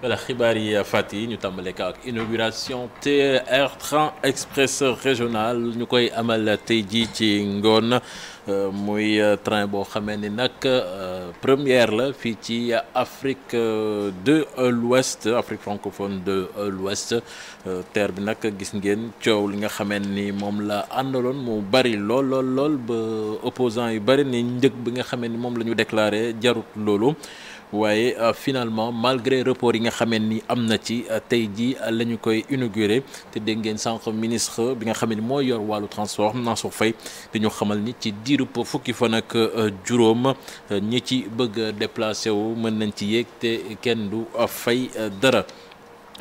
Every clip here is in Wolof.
voilà xibaar yi fàtt yi ñu tàmbale ka ak inauguration TER express régional ñu koy amal tey jii ci ngoon euh, muy euh, train boo xamee ni nag euh, première la fii ci Afrique de l'Ouest Afrique francophone de l'Ouest TER bi nag gis ngeen coow li nga xamee ni moom la àndaloon mu bari lool lool lool ba opposant yu bari ni njëg bi nga xamee ni moom la ñu déclaré jarut loolu waaye euh, finalement malgré report yi nga xamee ni am na ci euh, tey jii euh, la ñu koy inauguré te dégg ngeen sànq ministre bi nga xam ne mooy yor wàllu transport Mansour Faye di ñu xamal ni ci diirub fukki fan ak juróom ñi ci bëgg déplacé wu mën nañ ci yéeg te kenn du fay dara.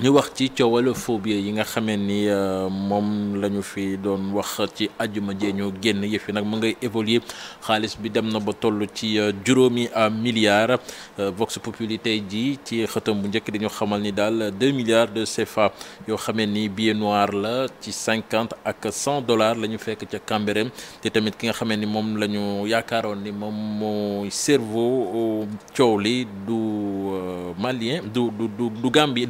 ñu wax ci coowal phobie yi nga xamee ni euh, moom la ñu fi doon wax ci ajuma jee ñu génn yëf yi nag mu ngay évoluer xaalis bi dem na ba toll ci euh, juróomi euh, milliards Vox Populi tey jii ci xëtam bu njëkk dañu xamal ni daal deux milliards de CFA yoo xamee ni billet noir la ci cinquante ak cent dollars la ñu fekk ca Cambérène te tamit ki nga xamee ni moom la ñu yaakaaroon ni moom mooy cerveau coow li du malien du du du du Gambie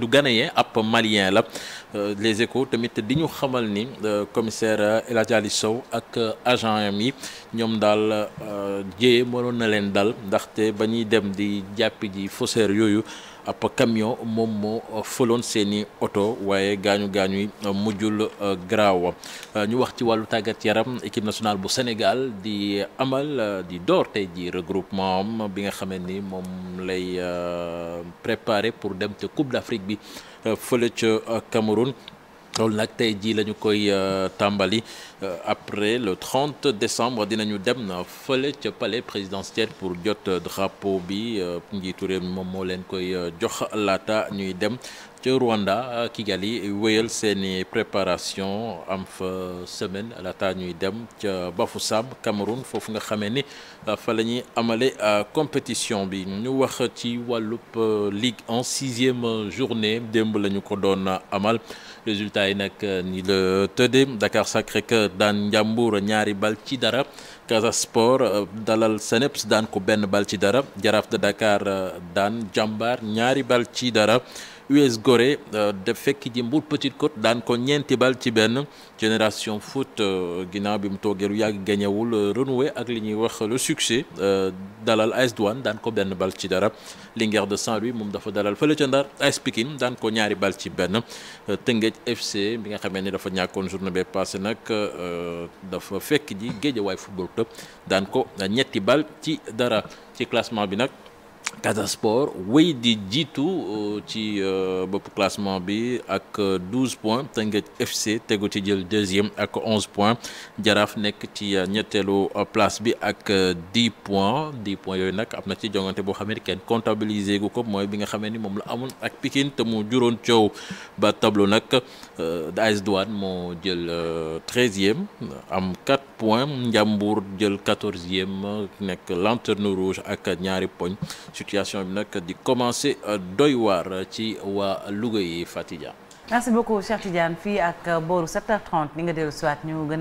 ab malien la euh, les échos tamit di ñu xamal ni euh, commissaire euh, El Hadj Sow ak agent am yi ñoom daal jéye mënoon na leen dal ndaxte ba ñuy dem di jàppi ji faussaire yooyu ab camion moom moo fëloon seen i oto waaye gaañu gaañu yi mujjul euh, graaw euh, ñu wax ci wàllu tàggat yaram équipe nationale bu Sénégal di amal euh, di door tey ji regroupement am bi nga xamee ni moom lay préparer pour dem ca Coupe d'Afrique bi fële ca Cameroun. loolu nag tey jii lañu ñu koy euh, tàmbali euh, après le 30 décembre dinañu dem fële ca palais présidentiel pour jot drapeau bi euh, njiitu réew mi moom moo leen koy jox laata ñuy dem ca Rwanda euh, Kigali wéyal seeni préparation am fa semaine laata ñuy dem ca bafu Bafoussam Cameroun foofu nga xamee ni euh, fa la ñuy amale euh, compétition bi ñu wax ci wàllub Ligue en sixième journée démb la ñu ko doon amal résultat yi nag ni la tëdde Dakar Sacré-Cœur daan Ndiambour ñaari bal ci dara Casa dalal Seneps daan ko benn bal ci dara Jaraaf de Dakar daan Jambar ñaari bal ci dara US Gorée euh, def fekk ji Mbour Petite Côte daan ko ñeenti bal ci benn génération foot euh, ginnaaw bi mu toogee lu yàgg gañewul euh, renoué ak li ñuy wax le succès dalal AS Douanes daan ko benn bal ci dara Linguère de Saint-Louis moom dafa dalal fële ca Ndar AS Pikine daan ko ñaari bal ci benn Tëngéej FC bi nga xamee ni dafa ñàkkoon journée bee passé nag dafa fekk ji Guédiawaye Football Club daan ko ñetti bal ci dara ci classement bi nag Casa Sport wéy di jiitu euh, ci euh, bopp classement bi ak 12 euh, points Teungueth FC tegu ci jël deuxième ak 11 points Jaraaf nekk ci ñetteelu place bi ak 10 points 10 points yooyu nag am na ci jongante boo xam ne kenn comptabilisé gu ko mooy bi nga xamee ni moom la amoon ak Pikine te mu juróon coow ba tableau nag AS Douane moo jël treizième am 4 points Ndiambour jël quatorzième nekk lanterne rouge ak ñaari poñ. situation bi nag di commencer euh, doy waar ci waa Louga yi Fatidia merci beaucoup Cheikh Tidiane fii ak euh, booru 7h30 ni nga dellu siwaat ñu gën a